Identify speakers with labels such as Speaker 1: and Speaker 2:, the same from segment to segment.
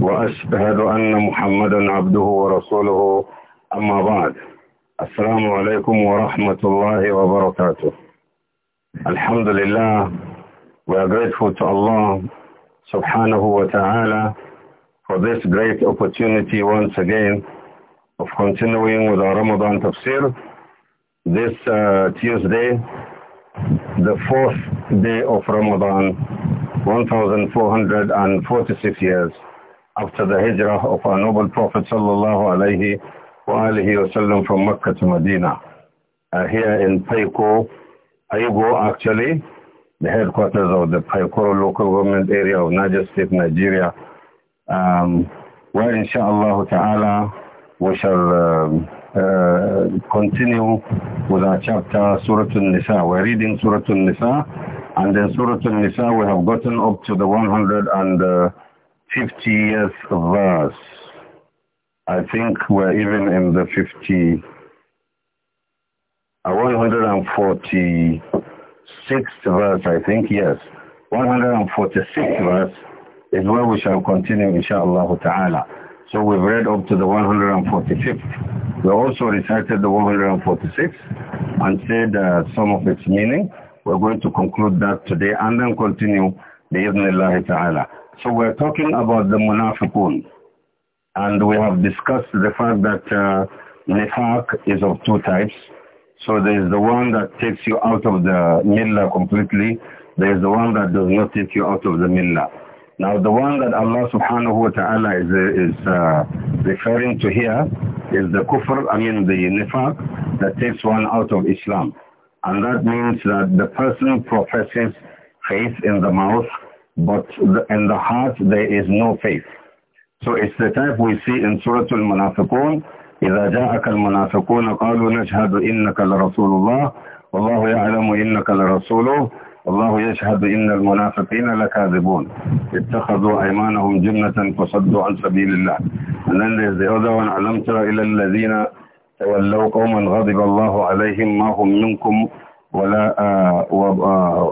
Speaker 1: وأشهد أن محمدا عبده ورسوله أما بعد السلام عليكم ورحمة الله وبركاته الحمد لله we are grateful to Allah subhanahu wa ta'ala for this great opportunity once again of continuing with our Ramadan tafsir this uh, Tuesday the fourth day of Ramadan 1446 years after the hijrah of our noble Prophet sallallahu alayhi wa alihi wasallam from Mecca to Medina. Uh, here in Paiko, Aigo actually, the headquarters of the Paikoro local government area of Niger State, Nigeria, um, where inshallah ta'ala we shall um, uh, continue with our chapter Surah al nisa We're reading Surah al nisa and then Surah al nisa we have gotten up to the 100 and uh, 50th verse. I think we're even in the 50, uh, 146th verse, I think, yes. 146th verse is where we shall continue, inshallah ta'ala. So we've read up to the 145th. We also recited the 146th and said uh, some of its meaning. We're going to conclude that today and then continue, the evening ta'ala. So we're talking about the munafiqun. And we have discussed the fact that uh, nifaq is of two types. So there is the one that takes you out of the millah completely. There is the one that does not take you out of the millah. Now the one that Allah subhanahu wa ta'ala is, uh, is uh, referring to here is the kufr, I mean the nifaq that takes one out of Islam. And that means that the person professes faith in the mouth but in the heart there is no faith. So it's the type we see in Surah Al-Munafiqun, إِذَا جَاءَكَ الْمُنَافِقُونَ قَالُوا نَشْهَدُ إِنَّكَ لَرَسُولُ اللَّهِ وَاللَّهُ يَعْلَمُ إِنَّكَ لَرَسُولُهُ والله يشهد إن المنافقين لكاذبون اتخذوا أيمانهم جنة فصدوا عن سبيل الله and then there's the other one ألم تر إلى الذين تولوا قوما غضب الله عليهم ما هم منكم ولا,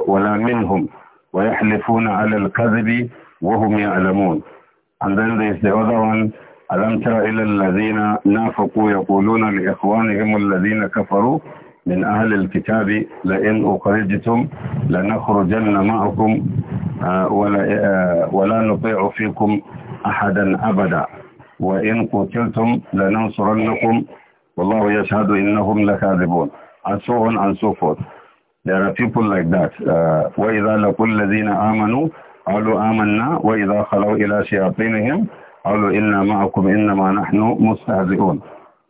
Speaker 1: ولا منهم ويحلفون على الكذب وهم يعلمون and then there is the other one ألم تر إلى الذين نافقوا يقولون لإخوانهم الذين كفروا من أهل الكتاب لئن أخرجتم لنخرجن معكم آه، ولا, آه، ولا نطيع فيكم أحدا أبدا وإن قتلتم لننصرنكم والله يشهد إنهم لكاذبون and so on and so forth There are people like that. Uh, وَإِذَا لَقُوا الَّذِينَ آمَنُوا قالوا آمنا وإذا خلوا إلى شياطينهم قالوا إنا معكم إنما نحن مستهزئون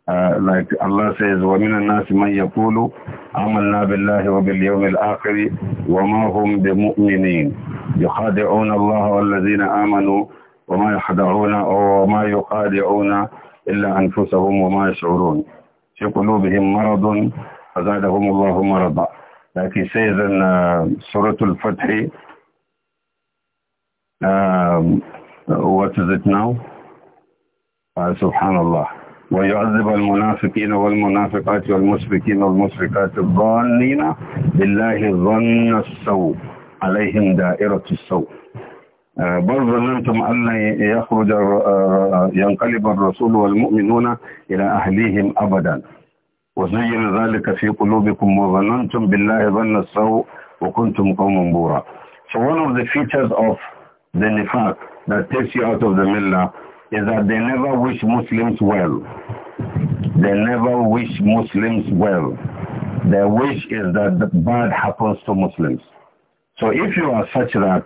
Speaker 1: Uh, like Allah says, وَمِنَ النَّاسِ مَنْ يَقُولُ عَمَلْنَا بِاللَّهِ وَبِالْيَوْمِ الْآخِرِ وَمَا هُمْ بِمُؤْمِنِينَ يخادعون الله والذين آمنوا وما يخدعون وما يخادعون إلا أنفسهم وما يشعرون في قلوبهم مرض فزادهم الله مرضا Like he says in uh, Surah Al-Fatih, um, what is it now? Uh, Subhanallah. ويعذب المنافقين والمنافقات والمسبكين والمسبكات الظانين بالله ظن السوء عليهم دائرة السوء آه، بل ظننتم أن يخرج آه، ينقلب الرسول والمؤمنون إلى أهليهم أبدا وزين ذلك في قلوبكم وظننتم بالله ظن السوء وكنتم قوما بورا So one of the features of the nifaq that takes you out of the millah is that they never wish Muslims well. They never wish Muslims well. Their wish is that the bad happens to Muslims. So if you are such that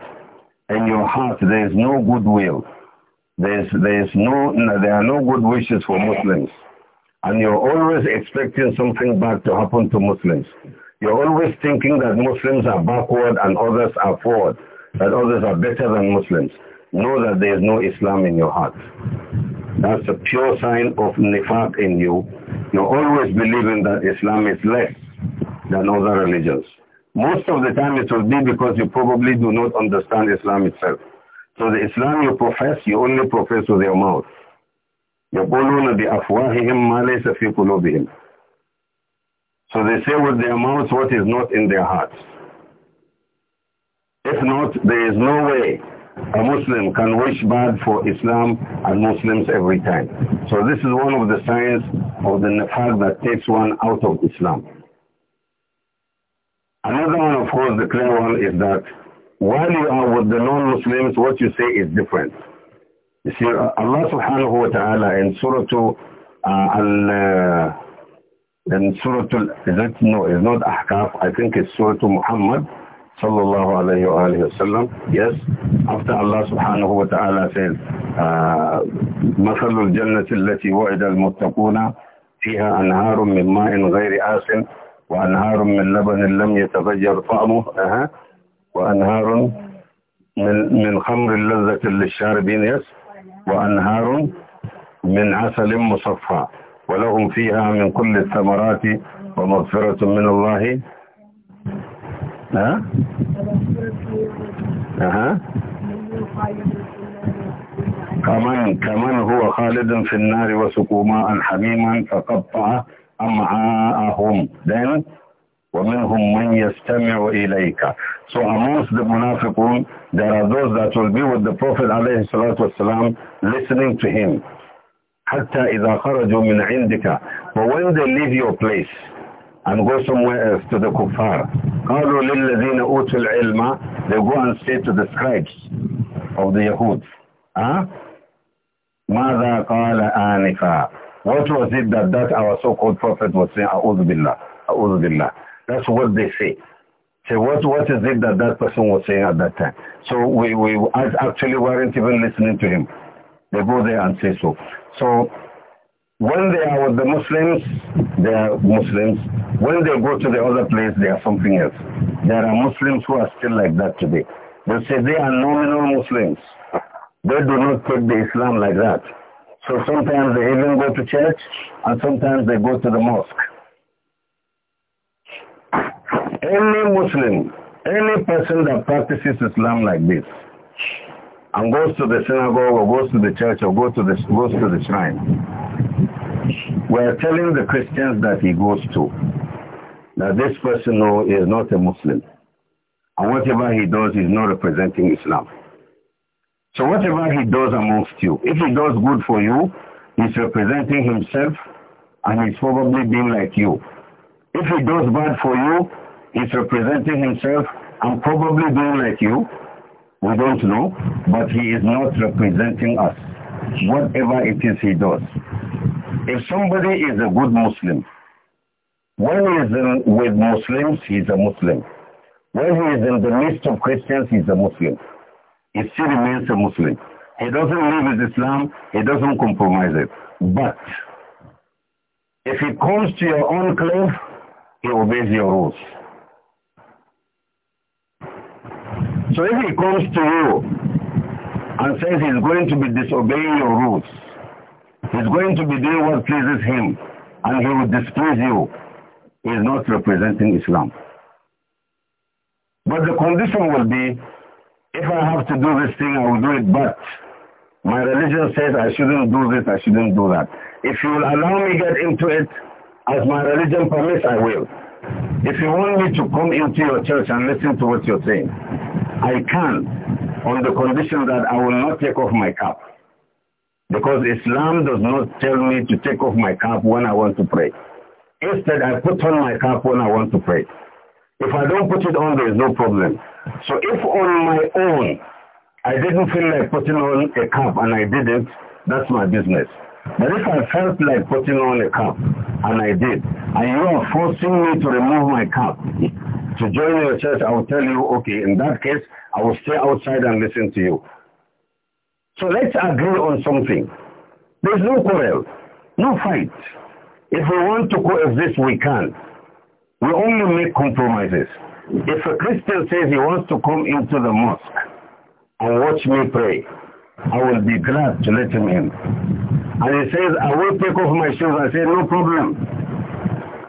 Speaker 1: in your heart there is no goodwill, there is, there is no, there are no good wishes for Muslims, and you're always expecting something bad to happen to Muslims. You're always thinking that Muslims are backward and others are forward, that others are better than Muslims. Know that there is no Islam in your heart. That's a pure sign of nifaq in you. You're always believing that Islam is less than other religions. Most of the time it will be because you probably do not understand Islam itself. So the Islam you profess, you only profess with your mouth. يَقُولُونَ بِأَفْوَاهِهِمْ مَا لَيْسَ فِي قُلُوبِهِمْ So they say with their mouths what is not in their hearts. If not, there is no way a Muslim can wish bad for Islam and Muslims every time. So this is one of the signs of the nifaq that takes one out of Islam. Another one, of course, the clear one is that while you are with the non-Muslims, what you say is different. You see, Allah subhanahu wa ta'ala in Surah to, uh, Al, uh, in Surah to, is it, no, it's not Ahqaf, I think it's Surah to Muhammad, sallallahu alayhi wa alayhi wa sallam. Yes, after Allah subhanahu wa ta'ala says, مثل الجنة التي وعد المتقون فيها أنهار من ماء غير آسن وأنهار من لبن لم يتغير طعمه أه. وأنهار من من خمر لذة للشاربين يس وأنهار من عسل مصفى ولهم فيها من كل الثمرات ومغفرة من الله ها؟ كمن كمن هو خالد في النار وسقوا ماء حميما فقطع أمعاءهم دائما وَمِنْهُمْ مَنْ يَسْتَمِعُ إِلَيْكَ So amongst the munafiqun, there are those that will be with the Prophet والسلام, listening to him. حَتَّى إِذَا خَرَجُوا مِنْ عِنْدِكَ But when they leave your place and go somewhere else to the kuffar, قَالُوا لِلَّذِينَ أُوتُوا الْعِلْمَ They go and say to the scribes of the Yahud, huh? Ah, مَاذَا قَالَ آنِفًا What was it that, that our so-called Prophet was saying, أَعُوذُ بِاللَّهِ أَعُوذُ بِاللَّهِ that's what they say. So what, what is it that that person was saying at that time? So we, we actually weren't even listening to him. They go there and say so. So when they are with the Muslims, they are Muslims. When they go to the other place, they are something else. There are Muslims who are still like that today. They say they are nominal Muslims. They do not take the Islam like that. So sometimes they even go to church and sometimes they go to the mosque any Muslim, any person that practices Islam like this, and goes to the synagogue or goes to the church or goes to the, goes to the shrine, we are telling the Christians that he goes to, that this person no, is not a Muslim. And whatever he does is not representing Islam. So whatever he does amongst you, if he does good for you, he's representing himself and he's probably being like you. If he does bad for you, is representing himself and probably doing like you. We don't know, but he is not representing us, whatever it is he does. If somebody is a good Muslim, when he is in, with Muslims, he's a Muslim. When he is in the midst of Christians, he's a Muslim. He still remains a Muslim. He doesn't live with Islam. He doesn't compromise it. But if he comes to your own claim, he obeys your rules. So if he comes to you and says he's going to be disobeying your rules, he's going to be doing what pleases him, and he will displease you, he is not representing Islam. But the condition will be, if I have to do this thing, I will do it, but my religion says I shouldn't do this, I shouldn't do that. If you will allow me get into it, as my religion permits, I will. If you want me to come into your church and listen to what you're saying, I can on the condition that I will not take off my cap. Because Islam does not tell me to take off my cap when I want to pray. Instead, I put on my cap when I want to pray. If I don't put it on, there is no problem. So if on my own, I didn't feel like putting on a cap and I didn't, that's my business. But if I felt like putting on a cap and I did, and you are forcing me to remove my cap, to join your church, I will tell you, okay, in that case, I will stay outside and listen to you. So let's agree on something. There's no quarrel, no fight. If we want to coexist, we can. We only make compromises. If a Christian says he wants to come into the mosque and watch me pray, I will be glad to let him in. And he says, I will take off my shoes. I say, no problem.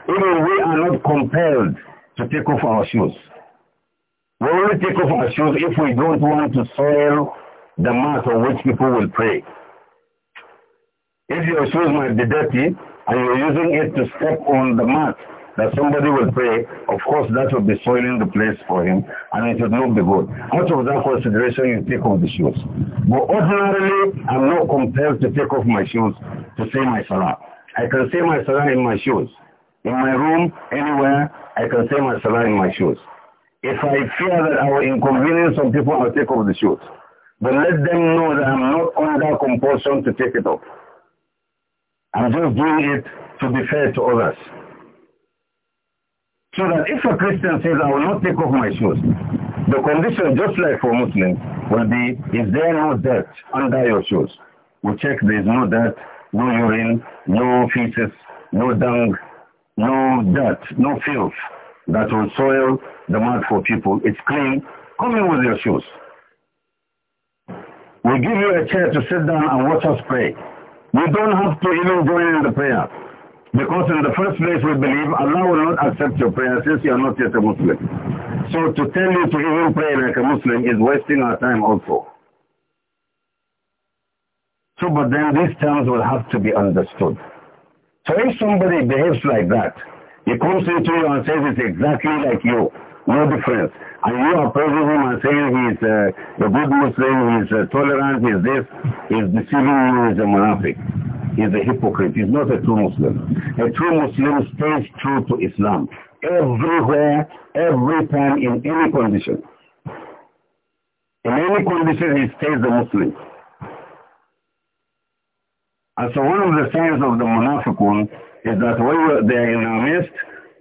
Speaker 1: Even we are not compelled to take off our shoes. We only take off our shoes if we don't want to soil the mat on which people will pray. If your shoes might be dirty and you're using it to step on the mat that somebody will pray, of course that will be soiling the place for him and it should not be good. Out of that consideration you take off the shoes. But ordinarily I'm not compelled to take off my shoes to say my salah. I can say my salah in my shoes, in my room, anywhere, I can say my salah in my shoes. If I fear that I will inconvenience some people, I'll take off the shoes. But let them know that I'm not under compulsion to take it off. I'm just doing it to be fair to others. So that if a Christian says, I will not take off my shoes, the condition, just like for Muslims, will be, is there no dirt under your shoes? We check there is no dirt, no urine, no feces, no dung, no dirt, no filth that will soil the mud for people. It's clean. Come in with your shoes. We give you a chair to sit down and watch us pray. We don't have to even join in the prayer. Because in the first place we believe Allah will not accept your prayer since you are not yet a Muslim. So to tell you to even pray like a Muslim is wasting our time also. So but then these terms will have to be understood. So if somebody behaves like that, he comes into you and says it's exactly like you, no difference. And you are praising him and saying he's a uh, good Muslim, he's uh, tolerant, he's this, he's deceiving you, he's a munafiq. He's a hypocrite. He's not a true Muslim. A true Muslim stays true to Islam. Everywhere, every time, in any condition. In any condition, he stays a Muslim. And so one of the signs of the monafiqun is that when they are in our midst,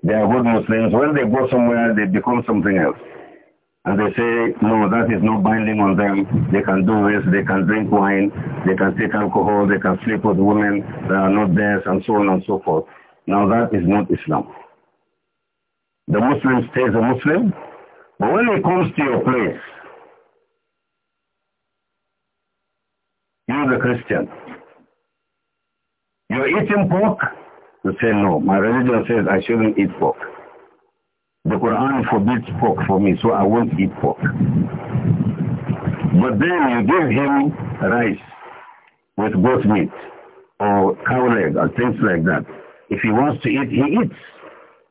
Speaker 1: they are good Muslims. When they go somewhere, they become something else. And they say, no, that is not binding on them. They can do this, they can drink wine, they can take alcohol, they can sleep with women that are not theirs, and so on and so forth. Now that is not Islam. The Muslim stays a Muslim, but when he comes to your place, you're the Christian. You're eating pork? You say, no, my religion says I shouldn't eat pork. The Quran forbids pork for me, so I won't eat pork. But then you give him rice with goat meat or cow leg or things like that. If he wants to eat, he eats.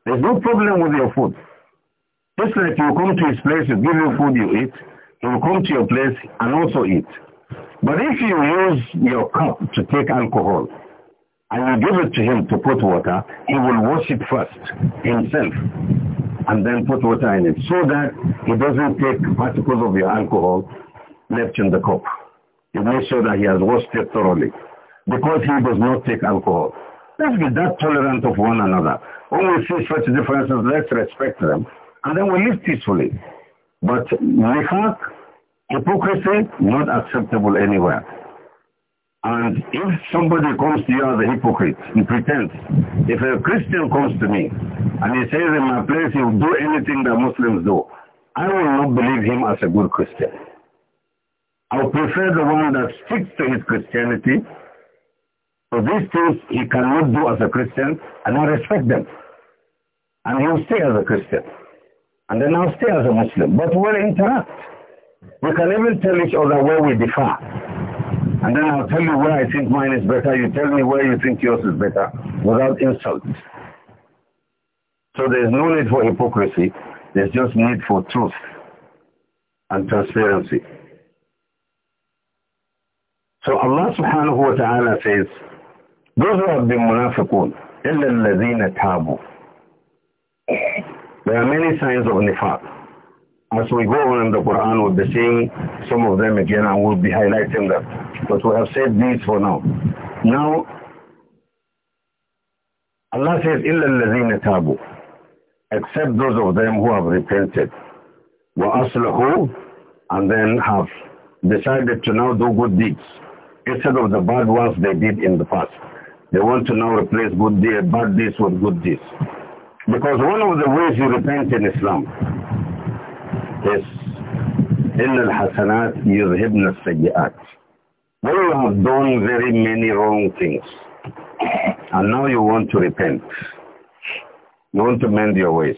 Speaker 1: There's no problem with your food. Just like you come to his place, you give him food, you eat. He will come to your place and also eat. But if you use your cup to take alcohol, and you give it to him to put water, he will wash it first himself and then put water in it so that he doesn't take particles of your alcohol left in the cup. You make sure that he has washed it thoroughly because he does not take alcohol. Let's be that tolerant of one another. When we see such differences, let's respect them and then we live peacefully. But have hypocrisy, not acceptable anywhere. And if somebody comes to you as a hypocrite, he pretends. If a Christian comes to me and he says in my place he'll do anything that Muslims do, I will not believe him as a good Christian. I will prefer the one that sticks to his Christianity. For these things he cannot do as a Christian and I respect them. And he will stay as a Christian. And then I'll stay as a Muslim. But we'll interact. We can even tell each other where we differ. And then I'll tell you where I think mine is better. You tell me where you think yours is better without insult. So there's no need for hypocrisy. There's just need for truth and transparency. So Allah subhanahu wa ta'ala says, those who have been munafiqun, إِلَّا الَّذِينَ تَابُوا There are many signs of nifaq. As we go on in the Quran, we'll be seeing some of them again and we'll be highlighting them. But we have said these for now. Now, Allah says, إِلَّا الَّذِينَ تَابُوا Except those of them who have repented. وَأَصْلَحُوا And then have decided to now do good deeds instead of the bad ones they did in the past. They want to now replace good deeds, bad deeds with good deeds. Because one of the ways you repent in Islam is إِلَّا الْحَسَنَاتِ يُذْهِبْنَ السَّيِّئَاتِ well, you have done very many wrong things, and now you want to repent, you want to mend your ways.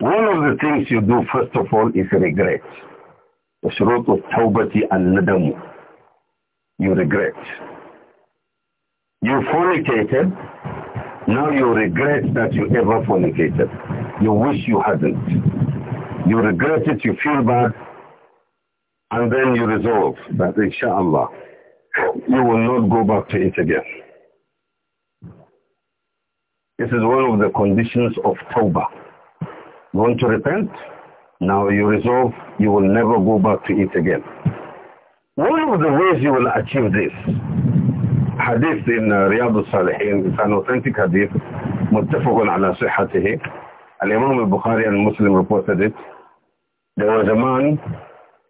Speaker 1: One of the things you do, first of all, is regret. وشروط and الندم. You regret. You fornicated. Now you regret that you ever fornicated. You wish you hadn't. You regret it. You feel bad. And then you resolve that inshallah, you will not go back to it again. This is one of the conditions of tawbah. You want to repent? Now you resolve you will never go back to it again. One of the ways you will achieve this, hadith in uh, Riyadh al-Salihin, it's an authentic hadith, متفق على صحته. Al-Imam al-Bukhari and Muslim reported it. There was a man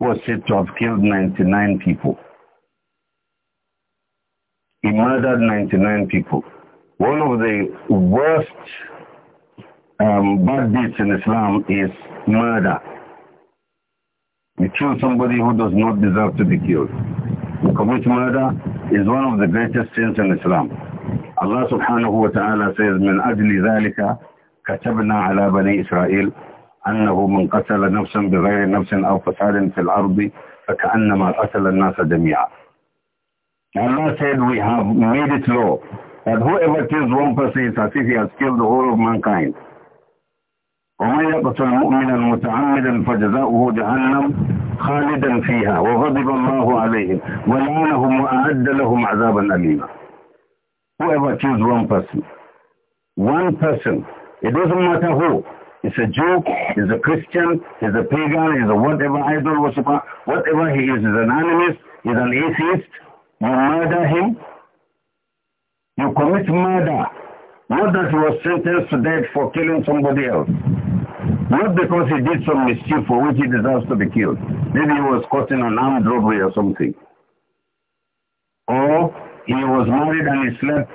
Speaker 1: was said to have killed 99 people. He murdered 99 people. One of the worst um, bad deeds in Islam is murder. You kill somebody who does not deserve to be killed. To commit murder is one of the greatest sins in Islam. Allah subhanahu wa ta'ala says, من أجل ذلك كتبنا على بني إسرائيل أنه من قتل نفسا بغير نفس أو فساد في الأرض فكأنما قتل الناس جميعا Allah said we have made it law that whoever kills one person is as if he has killed the whole of mankind ومن يقتل مؤمنا متعمدا فجزاؤه جهنم خالدا فيها وغضب الله عليهم ولعنهم وأعد لهم عذابا أليما whoever kills one person one person it doesn't matter who He's a Jew, he's a Christian, he's a pagan, he's a whatever idol worshiper, whatever he is, he's an animist, he's an atheist. You murder him, you commit murder. Not that he was sentenced to death for killing somebody else. Not because he did some mischief for which he deserves to be killed. Maybe he was caught in an armed robbery or something. Or he was married and he slept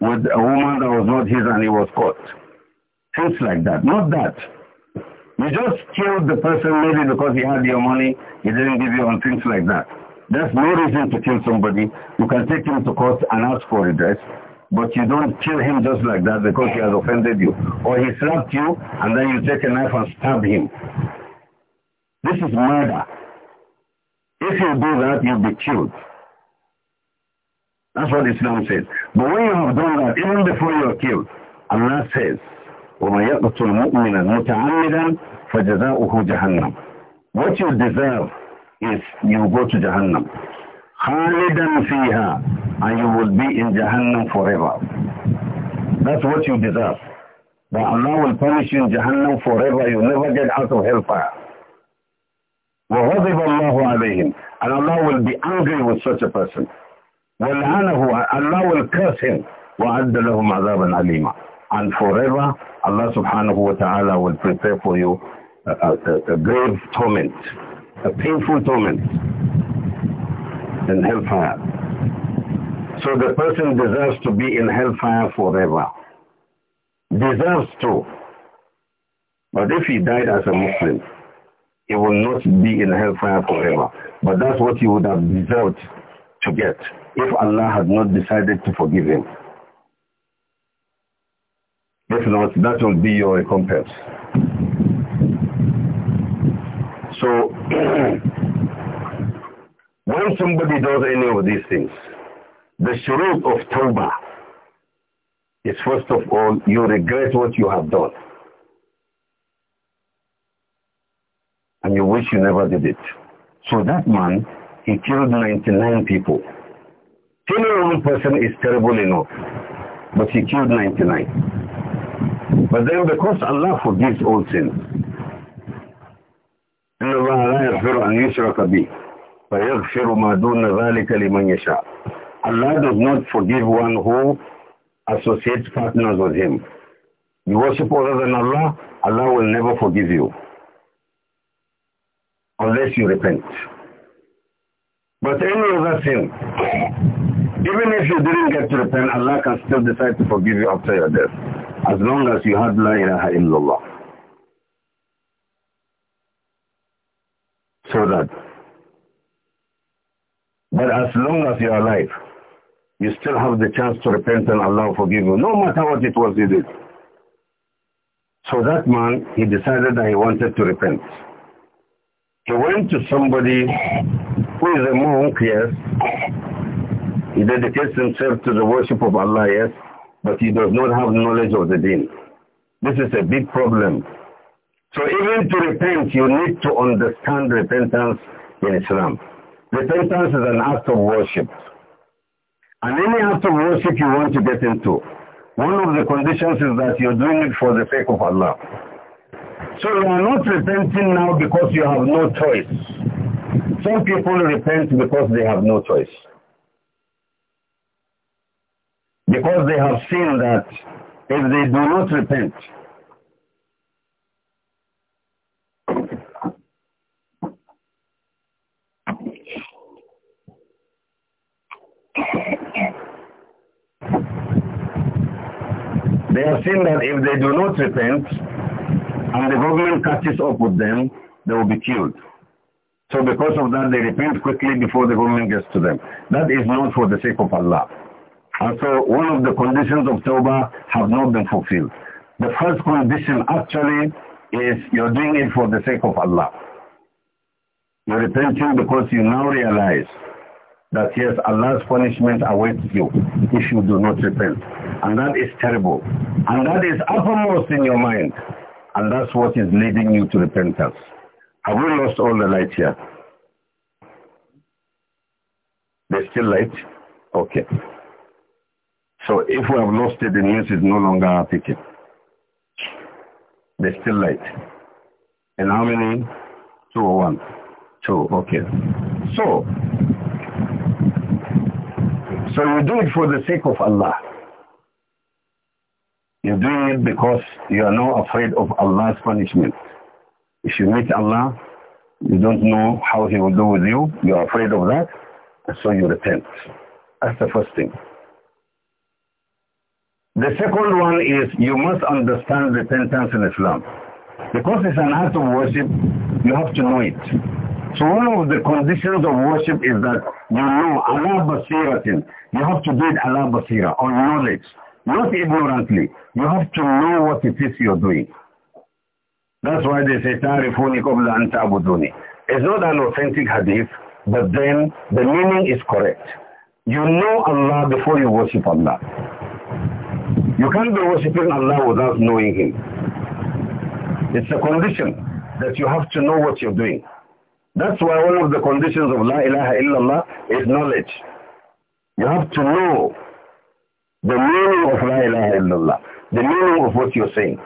Speaker 1: with a woman that was not his and he was caught. Things like that. Not that. You just killed the person maybe because he had your money, he didn't give you on things like that. There's no reason to kill somebody. You can take him to court and ask for redress, but you don't kill him just like that because he has offended you. Or he slapped you and then you take a knife and stab him. This is murder. If you do that, you'll be killed. That's what Islam says. But when you have done that, even before you are killed, Allah says, ومن يقتل مؤمنا متعمدا فجزاؤه جهنم what you deserve is you go to Jahannam خالدا فيها and you will be in Jahannam forever that's what you deserve but Allah will punish you in Jahannam forever you never get out of hellfire وغضب الله عليهم and Allah will be angry with such a person وَلَعَنَهُ Allah will curse him وَعَدَّ لَهُمْ عَذَابًا عَلِيمًا and forever Allah subhanahu wa ta'ala will prepare for you a, a, a grave torment, a painful torment in hellfire. So the person deserves to be in hellfire forever. Deserves to. But if he died as a Muslim, he will not be in hellfire forever. But that's what he would have deserved to get if Allah had not decided to forgive him that will be your recompense. So, when somebody does any of these things, the shurut of tawbah is first of all, you regret what you have done. And you wish you never did it. So that man, he killed 99 people. Killing one person is terrible enough, but he killed 99. But then because Allah forgives all sins, Allah does not forgive one who associates partners with him. You worship other than Allah, Allah will never forgive you. Unless you repent. But any other sin, even if you didn't get to repent, Allah can still decide to forgive you after your death. As long as you had La ilaha illallah. So that. But as long as you are alive, you still have the chance to repent and Allah forgive you, no matter what it was you did. So that man, he decided that he wanted to repent. He went to somebody who is a monk, yes. He dedicates himself to the worship of Allah, yes but he does not have knowledge of the deen. This is a big problem. So even to repent, you need to understand repentance in Islam. Repentance is an act of worship. And any act of worship you want to get into, one of the conditions is that you're doing it for the sake of Allah. So you are not repenting now because you have no choice. Some people repent because they have no choice because they have seen that if they do not repent, they have seen that if they do not repent and the government catches up with them, they will be killed. So because of that, they repent quickly before the government gets to them. That is not for the sake of Allah. And so one of the conditions of tawbah have not been fulfilled. The first condition actually is you're doing it for the sake of Allah. You're repenting because you now realize that yes, Allah's punishment awaits you if you do not repent. And that is terrible. And that is uppermost in your mind. And that's what is leading you to repentance. Have we lost all the light here? There's still light? Okay. So if we have lost it, the news is no longer picking. There's still light. And how many? Two or one? Two, okay. So, so you do it for the sake of Allah. You're doing it because you are not afraid of Allah's punishment. If you meet Allah, you don't know how he will do with you. You are afraid of that, and so you repent. That's the first thing. The second one is you must understand repentance in Islam. Because it's an act of worship, you have to know it. So one of the conditions of worship is that you know Allah basiratin. You have to do it Allah basira, on knowledge, not ignorantly. You have to know what it is you're doing. That's why they say, Tarifuni qabla antabuduni. It's not an authentic hadith, but then the meaning is correct. You know Allah before you worship Allah. You can't be worshipping Allah without knowing Him. It's a condition that you have to know what you're doing. That's why one of the conditions of La ilaha illallah is knowledge. You have to know the meaning of La ilaha illallah, the meaning of what you're saying.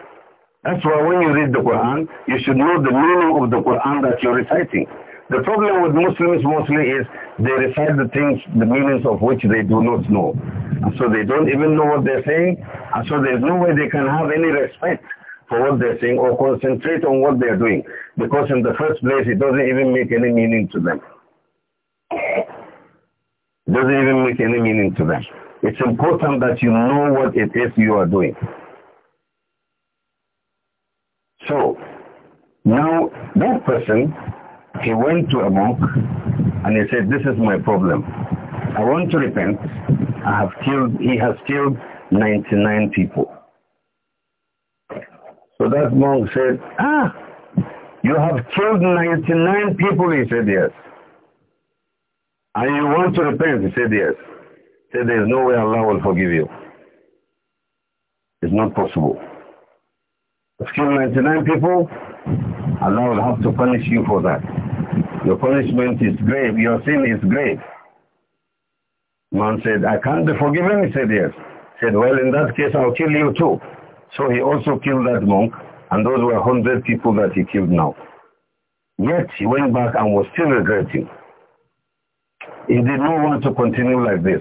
Speaker 1: That's why when you read the Quran, you should know the meaning of the Quran that you're reciting. The problem with Muslims mostly is they recite the things, the meanings of which they do not know. And so they don't even know what they're saying. And so there's no way they can have any respect for what they're saying or concentrate on what they're doing. Because in the first place, it doesn't even make any meaning to them. It doesn't even make any meaning to them. It's important that you know what it is you are doing. So, now that person, he went to a monk and he said, this is my problem. I want to repent I have killed, he has killed 99 people. So that monk said, ah, you have killed 99 people. He said, yes. And you want to repent? He said, yes. He said, there is no way Allah will forgive you. It's not possible. You've killed 99 people. Allah will have to punish you for that. Your punishment is grave. Your sin is grave. Man said, I can't be forgiven. He said, yes. He said, well, in that case, I'll kill you too. So he also killed that monk, and those were 100 people that he killed now. Yet he went back and was still regretting. He did not want to continue like this.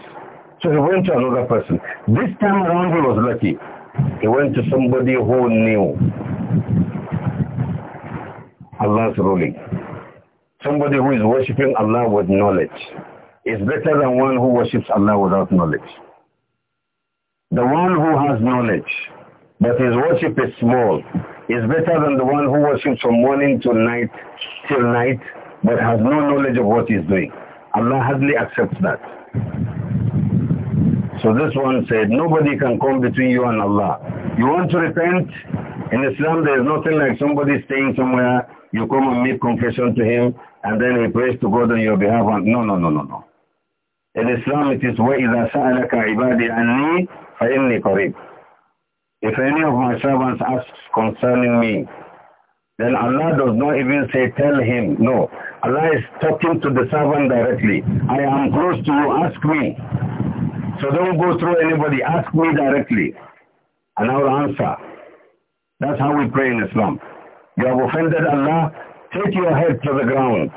Speaker 1: So he went to another person. This time around he was lucky. He went to somebody who knew Allah's ruling. Somebody who is worshipping Allah with knowledge is better than one who worships Allah without knowledge. The one who has knowledge, but his worship is small, is better than the one who worships from morning to night till night, but has no knowledge of what he's doing. Allah hardly accepts that. So this one said, nobody can come between you and Allah. You want to repent? In Islam, there is nothing like somebody staying somewhere, you come and make confession to him, and then he prays to God on your behalf. no, no, no, no, no. In Islam it is وَإِذَا سَأَلَكَ عِبَادِي عَنِّي فَإِنِّي قَرِيبٌ If any of my servants asks concerning me, then Allah does not even say tell him. No. Allah is talking to the servant directly. I am close to you, ask me. So don't go through anybody, ask me directly. And I will answer. That's how we pray in Islam. You have offended Allah, take your head to the ground.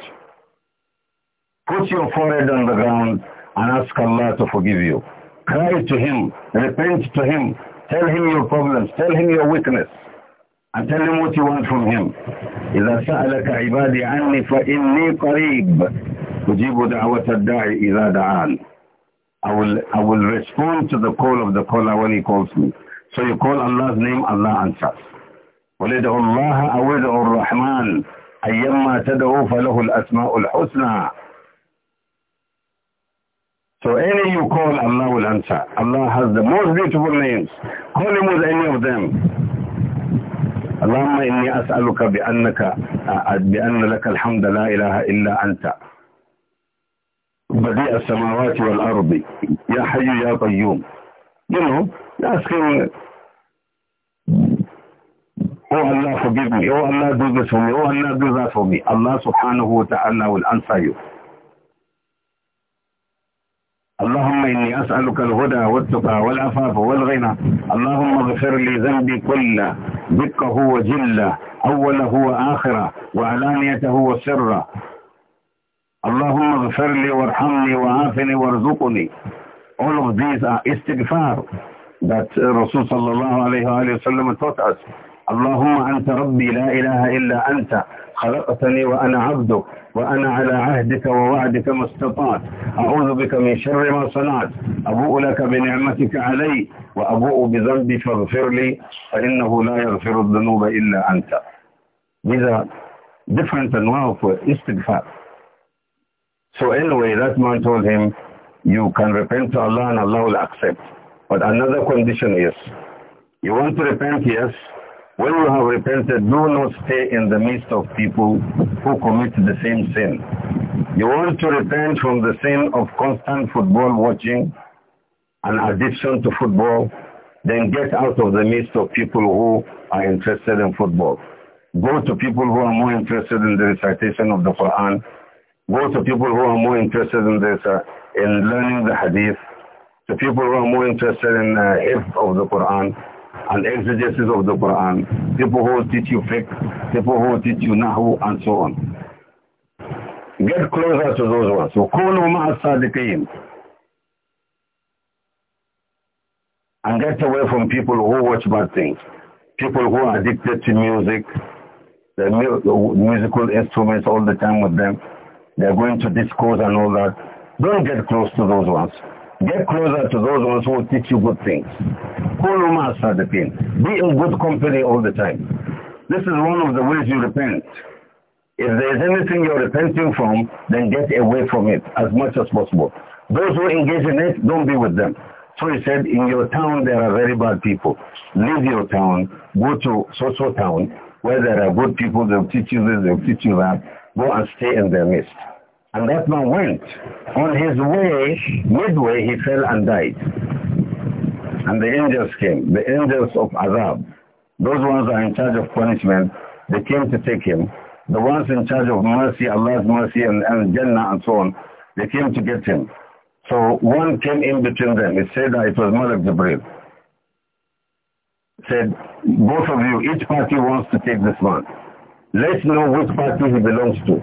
Speaker 1: Put your forehead on the ground and ask Allah to forgive you. Cry to Him, repent to Him, tell Him your problems, tell Him your weakness, and tell Him what you want from Him. إِذَا سَأَلَكَ عِبَادِي عَنِّي فَإِنِّي قَرِيبٌ أُجِيبُ دَعْوَةَ الدَّاعِ إِذَا دَعَانِ I will, I will respond to the call of the caller when he calls me. So you call Allah's name, Allah answers. وَلِدْعُ اللَّهَ أَوِدْعُ الرَّحْمَنِ أَيَّمَّا تَدْعُوا فَلَهُ الْأَسْمَاءُ الْحُسْنَى So any you call, Allah will answer. Allah has the most beautiful names. Call him with any of them. bi annaka bi anna laka alhamda la ilaha illa anta. Badi'a samawati wal ardi. Ya hayu ya tayyum. You know, asking Oh Allah forgive me. Oh Allah do this for me. Oh Allah do that for me. Allah subhanahu wa ta'ala will answer you. اللهم إني أسألك الهدى والتقى والعفاف والغنى اللهم اغفر لي ذنبي كله دقه وجله أوله وآخره وعلانيته وسره اللهم اغفر لي وارحمني وعافني وارزقني all of these are istighfar that uh, Rasul sallallahu alayhi wa sallam taught us اللهم أنت ربي لا إله إلا أنت خلقتني وأنا عبدك وأنا على عهدك ووعدك ما استطعت أعوذ بك من شر ما صنعت أبوء لك بنعمتك علي وأبوء بذنبي فاغفر لي فإنه لا يغفر الذنوب إلا أنت These are different anwa of istighfar. So anyway, that man told him, you can repent to Allah and Allah will accept. But another condition is, you want to repent, yes, When you have repented, do not stay in the midst of people who commit the same sin. You want to repent from the sin of constant football watching and addiction to football, then get out of the midst of people who are interested in football. Go to people who are more interested in the recitation of the Quran. Go to people who are more interested in this, uh, in learning the Hadith. To people who are more interested in uh, of the Quran and exegesis of the Quran, people who teach you fiqh, people who teach you Nahu and so on. Get closer to those ones. So Kulu Ma'asadiqeen. And get away from people who watch bad things. People who are addicted to music, the musical instruments all the time with them. They're going to discos and all that. Don't get close to those ones. Get closer to those ones who teach you good things. Call know master the pain. Be in good company all the time. This is one of the ways you repent. If there is anything you're repenting from, then get away from it as much as possible. Those who engage in it, don't be with them. So he said, in your town there are very bad people. Leave your town, go to so town, where there are good people, they'll teach you this, they'll teach you that. Go and stay in their midst. And that man went. On his way, midway, he fell and died. And the angels came, the angels of Azab. Those ones are in charge of punishment. They came to take him. The ones in charge of mercy, Allah's mercy and, and Jannah and so on, they came to get him. So one came in between them. It said that it was Malik Jibril. Said, both of you, each party wants to take this man. Let's know which party he belongs to.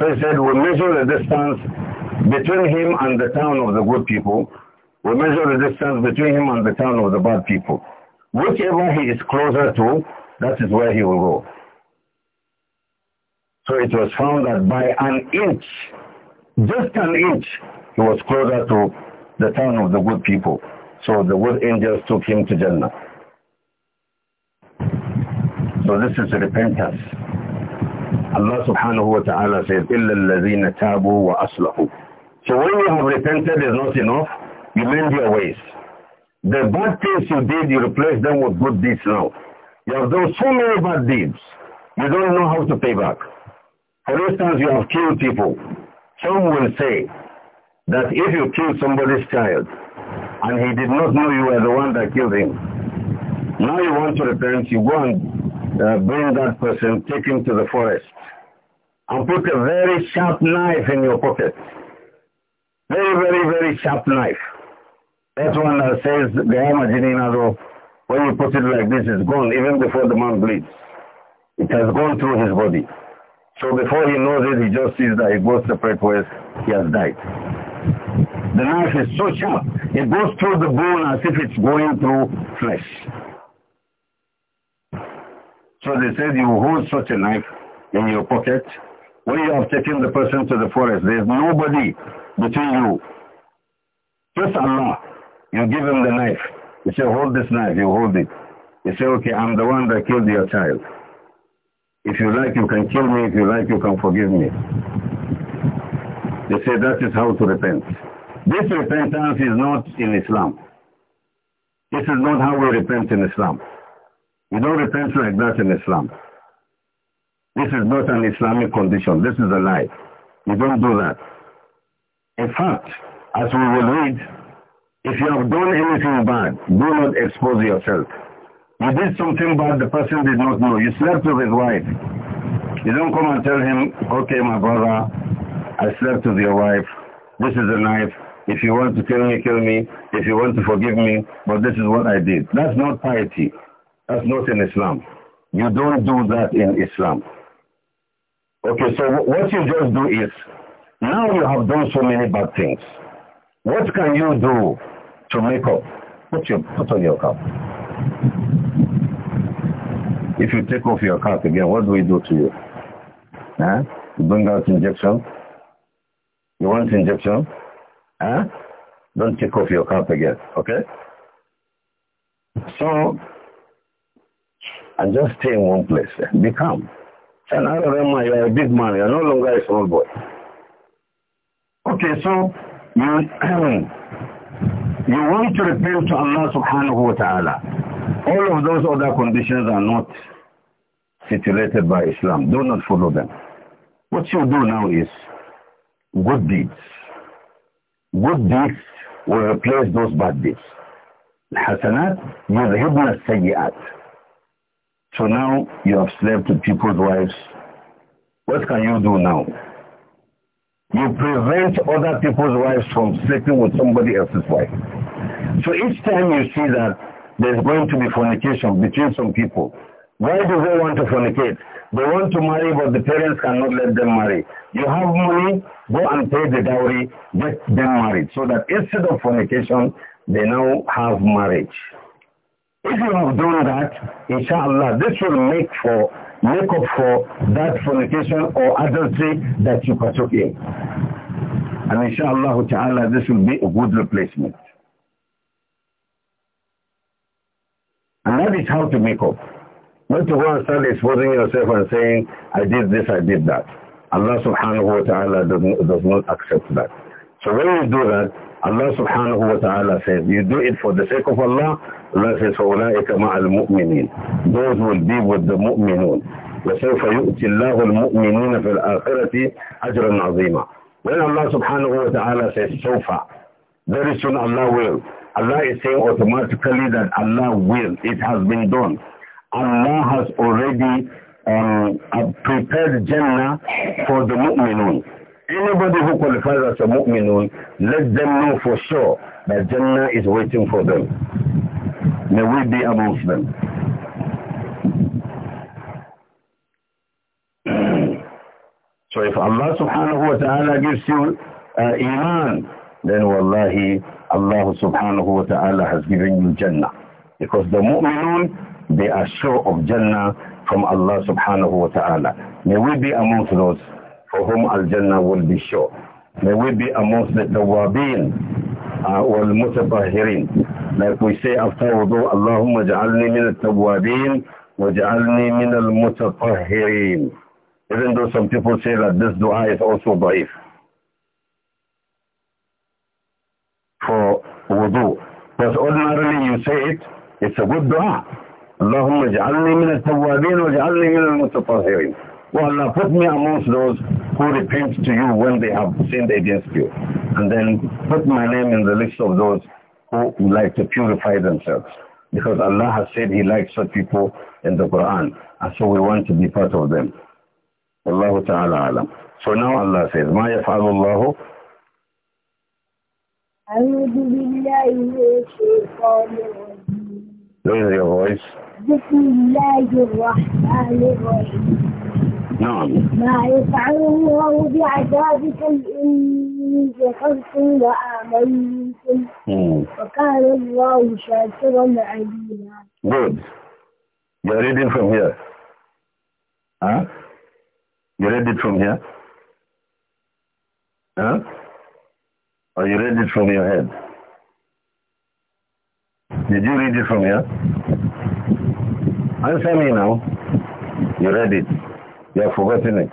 Speaker 1: So he said, we measure the distance between him and the town of the good people. We measure the distance between him and the town of the bad people. Whichever he is closer to, that is where he will go. So it was found that by an inch, just an inch, he was closer to the town of the good people. So the good angels took him to Jannah. So this is repentance. Allah subhanahu wa ta'ala says, إِلَّا الَّذِينَ تَابُوا وَأَصْلَحُوا So when you have repented is not enough, you mend your ways. The bad things you did, you replace them with good deeds now. You have done so many bad deeds, you don't know how to pay back. For instance, you have killed people. Some will say that if you killed somebody's child and he did not know you were the one that killed him, now you want to repent, you go and uh, bring that person, take him to the forest and put a very sharp knife in your pocket. Very, very, very sharp knife. That's one that says, Gayamadininazo, when you put it like this, it's gone even before the man bleeds. It has gone through his body. So before he knows it, he just sees that it goes to separate where He has died. The knife is so sharp. It goes through the bone as if it's going through flesh. So they said, you hold such a knife in your pocket when you have taken the person to the forest, there is nobody between you. Just Allah. You give him the knife. You say, hold this knife. You hold it. You say, okay, I'm the one that killed your child. If you like, you can kill me. If you like, you can forgive me. They say that is how to repent. This repentance is not in Islam. This is not how we repent in Islam. We don't repent like that in Islam. This is not an Islamic condition. This is a lie. You don't do that. In fact, as we will read, if you have done anything bad, do not expose yourself. You did something bad, the person did not know. You slept with his wife. You don't come and tell him, okay, my brother, I slept with your wife. This is a knife. If you want to kill me, kill me. If you want to forgive me, but this is what I did. That's not piety. That's not in Islam. You don't do that in Islam. Okay, so what you just do is, now you have done so many bad things. What can you do to make up? Put your put on your cap. If you take off your cap again, what do we do to you? Huh? You bring out injection? You want injection? Huh? Don't take off your cap again, okay? So, and just stay in one place. Be calm. And out of them, you're a big man. You're no longer a small boy. Okay, so you, you want to repent to Allah subhanahu wa ta'ala. All of those other conditions are not stipulated by Islam. Do not follow them. What you do now is good deeds. Good deeds will replace those bad deeds. الحسنات يذهبن السيئات so now you have slept with people's wives. What can you do now? You prevent other people's wives from sleeping with somebody else's wife. So each time you see that there's going to be fornication between some people, why do they want to fornicate? They want to marry, but the parents cannot let them marry. You have money, go and pay the dowry, get them married. So that instead of fornication, they now have marriage. If you have done that, inshallah, this will make for make up for that fornication or adultery that you partook in. And inshallah ta'ala, this will be a good replacement. And that is how to make up. Not to go and start exposing yourself and saying, I did this, I did that. Allah subhanahu wa ta'ala does, does not accept that. So when you do that, Allah subhanahu wa ta'ala says, you do it for the sake of Allah, Allah says, فَأُولَٰئِكَ مَعَ الْمُؤْمِنِينَ Those will be with the mu'minun. وَسَوْفَ يُؤْتِ اللَّهُ الْمُؤْمِنِينَ فِي الْآخِرَةِ أَجْرًا عَظِيمًا When Allah subhanahu wa ta'ala says, سوف very soon Allah will. Allah is saying automatically that Allah will. It has been done. Allah has already um, prepared Jannah for the mu'minun. Anybody who qualifies as a mu'minun, let them know for sure that Jannah is waiting for them. May we be amongst them. so if Allah subhanahu wa ta'ala gives you uh, iman, then wallahi Allah subhanahu wa ta'ala has given you Jannah. Because the mu'minun, they are sure of Jannah from Allah subhanahu wa ta'ala. May we be amongst those for whom Al Jannah will be sure. They will be amongst the Tawabin uh, or Mutabahirin. Like we say after wudu, Allahumma ja'alni min al Tawabin wa ja'alni min al Mutabahirin. Even though some people say that this dua is also da'if. For wudu. Because ordinarily you say it, it's a good dua. Allahumma ja'alni min al Tawabin wa ja'alni min al Mutabahirin. Well, put me amongst those who repent to you when they have sinned against you. And then put my name in the list of those who like to purify themselves. Because Allah has said He likes such people in the Quran. And so we want to be part of them. Allah Ta'ala alam. So now Allah says, ما يفعل الله أعوذ بالله Raise your voice. نعم ما يفعله الله بعذابكم إن وآمنتم hmm. وكان الله شاكرا عليما Good. You are reading from here. Huh? You read it from here? Huh? Or you read it from your head? Did you read it from here? Answer me now. You read it. They have forgotten it.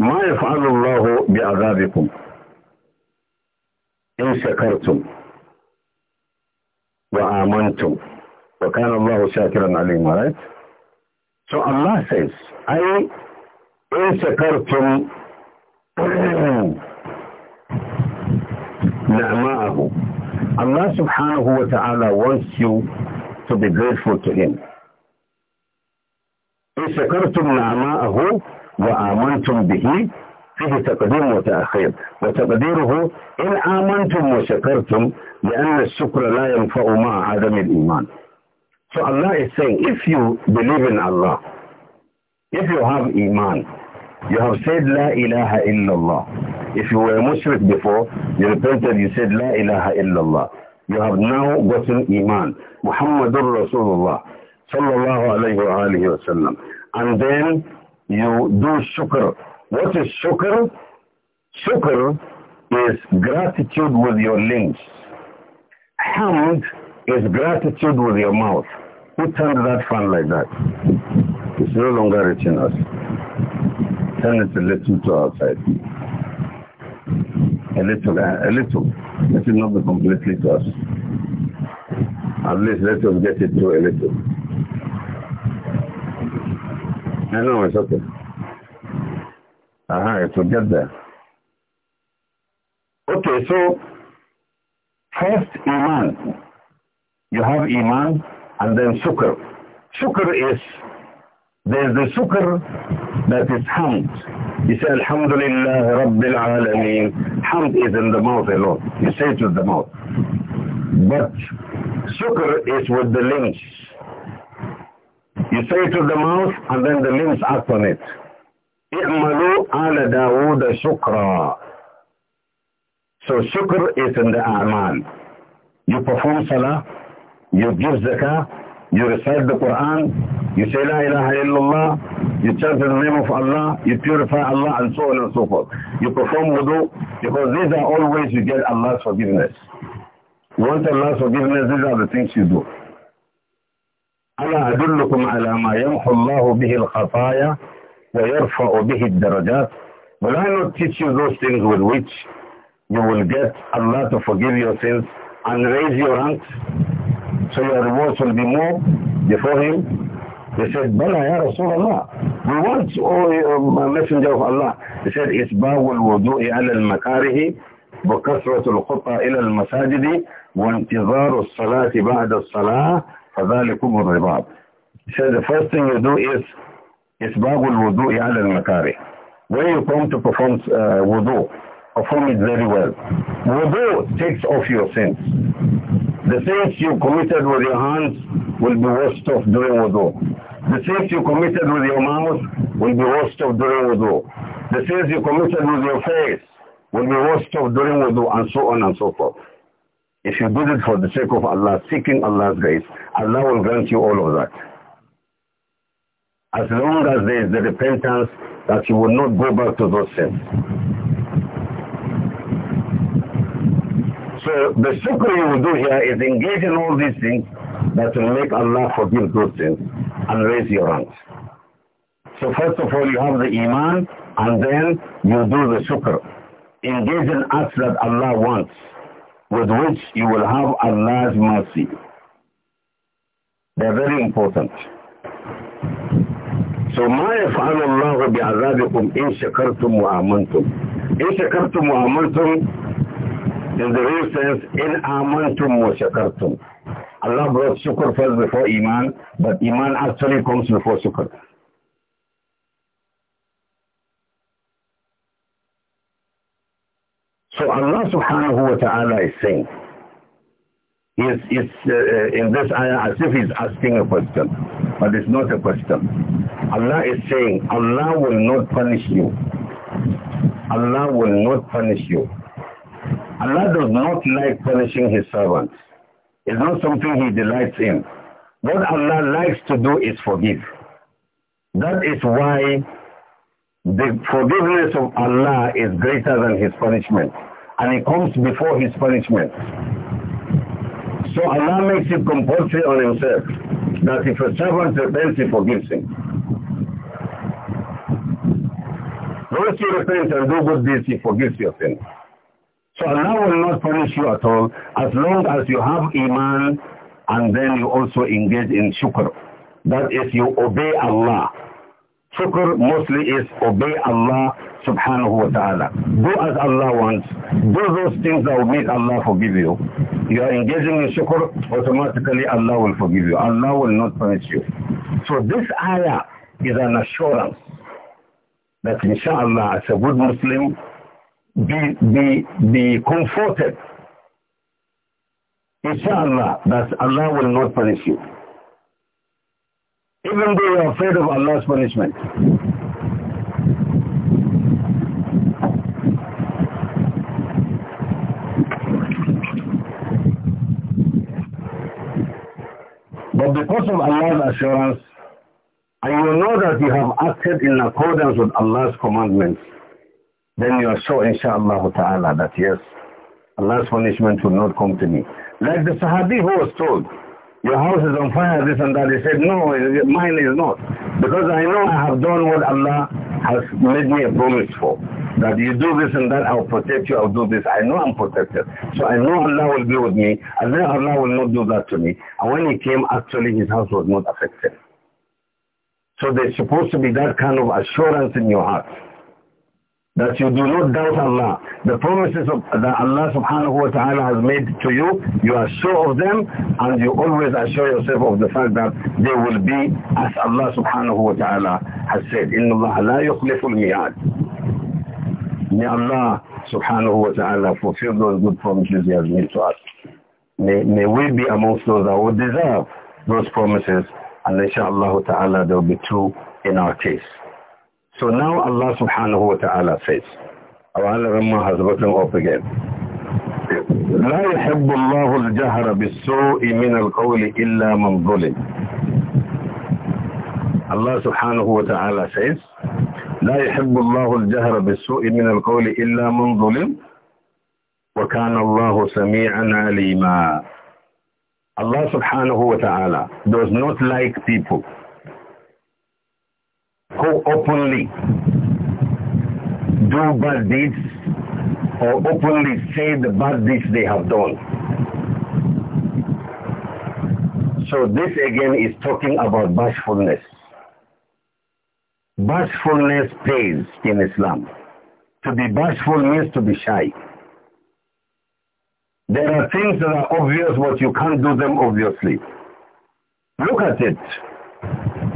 Speaker 1: ما يفعل الله بعذابكم إن شكرتم وآمنتم وكان الله شاكرا عليما right? So Allah says I إن شكرتم نعماءه Allah subhanahu wa ta'ala wants you to be grateful to him. إن شكرتم نعماءه وآمنتم به فيه تقديم وتأخير وتقديره إن آمنتم وشكرتم لأن الشكر لا ينفع مع عدم الإيمان So Allah is saying, if you believe in Allah, if you have Iman, you have said La ilaha illallah. If you were a mushrik before, you repented, you said La ilaha illallah. You have now gotten Iman. Muhammadur Rasulullah. sallallahu alayhi wa wa sallam. And then you do shukr. What is shukr? Shukr is gratitude with your limbs. Hamd is gratitude with your mouth. Who turned that fan like that? It's no longer reaching us. Turn it a little to outside. A little, uh, a little. Let it not be completely to us. At least let us get it to a little. I know it's okay. Uh-huh, it will get there. Okay, so first Iman. You have Iman and then Sukr. Sukr is, there's the Sukr that is Hamd. You say Alhamdulillah Rabbil Alameen. Hamd is in the mouth alone. You say it with the mouth. But Sukr is with the limbs. You say it to the mouth and then the limbs act on it. اعملوا آل داود شكرا. So shukr is in the a'mal. You perform salah, you give zakah, you recite the Quran, you say la ilaha illallah, you chant the name of Allah, you purify Allah and so on and so forth. You perform wudu because these are all ways you get Allah's forgiveness. You want Allah's forgiveness, these are the things you do. ألا أدلكم على ما يمحو الله به الخطايا ويرفع به الدرجات Will I not teach you those things with which you will get Allah to forgive your sins and raise your ranks so your rewards will be more before Him? They said, Bala ya Rasulullah. We want, O Messenger of Allah. He said, إسباب الوضوء على المكاره وكثرة الخطى إلى المساجد وانتظار الصلاة بعد الصلاة فذلكم الرباط so the first thing you do is إسباب الوضوء على المكاره when you come to perform uh, wudu perform it very well wudu takes off your sins the sins you committed with your hands will be washed off during wudu the sins you committed with your mouth will be washed off during wudu the sins you committed with your face will be washed off during wudu and so on and so forth if you do it for the sake of Allah, seeking Allah's grace, Allah will grant you all of that. As long as there is the repentance that you will not go back to those sins. So the shukr you will do here is engage in all these things that will make Allah forgive those sins and raise your ranks. So first of all, you have the iman and then you do the shukr. Engage in acts that Allah wants with which you will have Allah's mercy. They're very important. So ما يفعل الله بعذابكم إن شكرتم وآمنتم إن شكرتم وآمنتم in the real sense إن آمنتم وشكرتم Allah brought shukr first before Iman but Iman actually comes before shukr So Allah subhanahu wa ta'ala is saying, is, is uh, in this ayah as if he's asking a question, but it's not a question. Allah is saying, Allah will not punish you. Allah will not punish you. Allah does not like punishing his servants. It's not something he delights in. What Allah likes to do is forgive. That is why the forgiveness of Allah is greater than his punishment. And it comes before his punishment. So Allah makes it compulsory on himself that if a servant repents, he forgives him. Once you repent and do good deeds, he forgives your sin. So Allah will not punish you at all as long as you have Iman and then you also engage in shukr. That is, you obey Allah Shukr mostly is obey Allah subhanahu wa ta'ala. Do as Allah wants. Do those things that will make Allah forgive you. You are engaging in shukr, automatically Allah will forgive you. Allah will not punish you. So this ayah is an assurance that inshallah as a good Muslim, be, be, be comforted. Inshallah that Allah will not punish you even though you're afraid of Allah's punishment. But because of Allah's assurance, and you know that you have acted in accordance with Allah's commandments, then you are sure, inshallah ta'ala, that yes, Allah's punishment will not come to me. Like the Sahabi who was told, your house is on fire, this and that. He said, no, mine is not. Because I know I have done what Allah has made me a promise for. That you do this and that, I'll protect you, I'll do this. I know I'm protected. So I know Allah will be with me. and then Allah will not do that to me. And when he came, actually his house was not affected. So there's supposed to be that kind of assurance in your heart that you do not doubt Allah. The promises of, that Allah subhanahu wa ta'ala has made to you, you are sure of them and you always assure yourself of the fact that they will be as Allah subhanahu wa ta'ala has said. إِنَّ اللَّهَ لَا يُخْلِفُ الْمِيعَادِ May Allah subhanahu wa ta'ala fulfill those good promises he has made to us. May, may we be amongst those that will deserve those promises and inshallah ta'ala they will be true in our case. So now Allah subhanahu wa ta'ala says, our Allah has broken up again. لا يحب الله الجهر بالسوء من القول إلا من ظلم الله سبحانه وتعالى says لا يحب الله الجهر بالسوء من القول إلا من ظلم وكان الله سميعا عليما Allah subhanahu wa ta'ala does not like people openly do bad deeds or openly say the bad deeds they have done. So this again is talking about bashfulness. Bashfulness pays in Islam. To be bashful means to be shy. There are things that are obvious but you can't do them obviously. Look at it.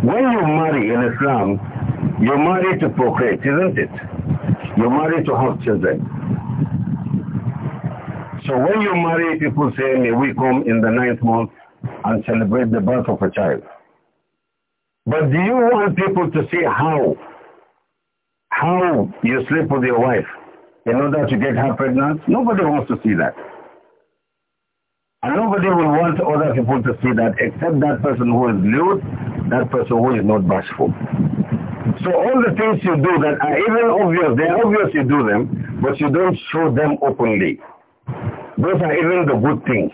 Speaker 1: When you marry in Islam, you're married to procreate, isn't it? You're married to have children. So when you marry, people say, may we come in the ninth month and celebrate the birth of a child. But do you want people to see how, how you sleep with your wife in order to get her pregnant? Nobody wants to see that. And nobody will want other people to see that except that person who is lewd that person who is not bashful. So all the things you do that are even obvious, they're obvious you do them, but you don't show them openly. Those are even the good things,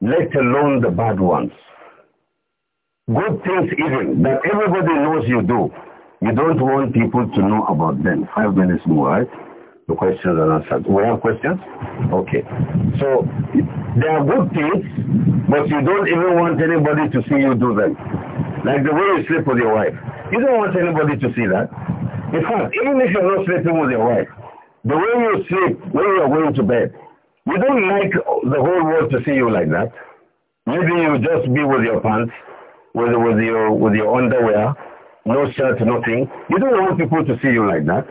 Speaker 1: let alone the bad ones. Good things even, that everybody knows you do. You don't want people to know about them. Five minutes more, right? The questions are answered. We have questions? Okay. So there are good things, but you don't even want anybody to see you do them. Like the way you sleep with your wife. You don't want anybody to see that. In fact, even if you're not sleeping with your wife, the way you sleep when you're going to bed, you don't like the whole world to see you like that. Maybe you just be with your pants, with, with, your, with your underwear, no shirt, nothing. You don't want people to see you like that.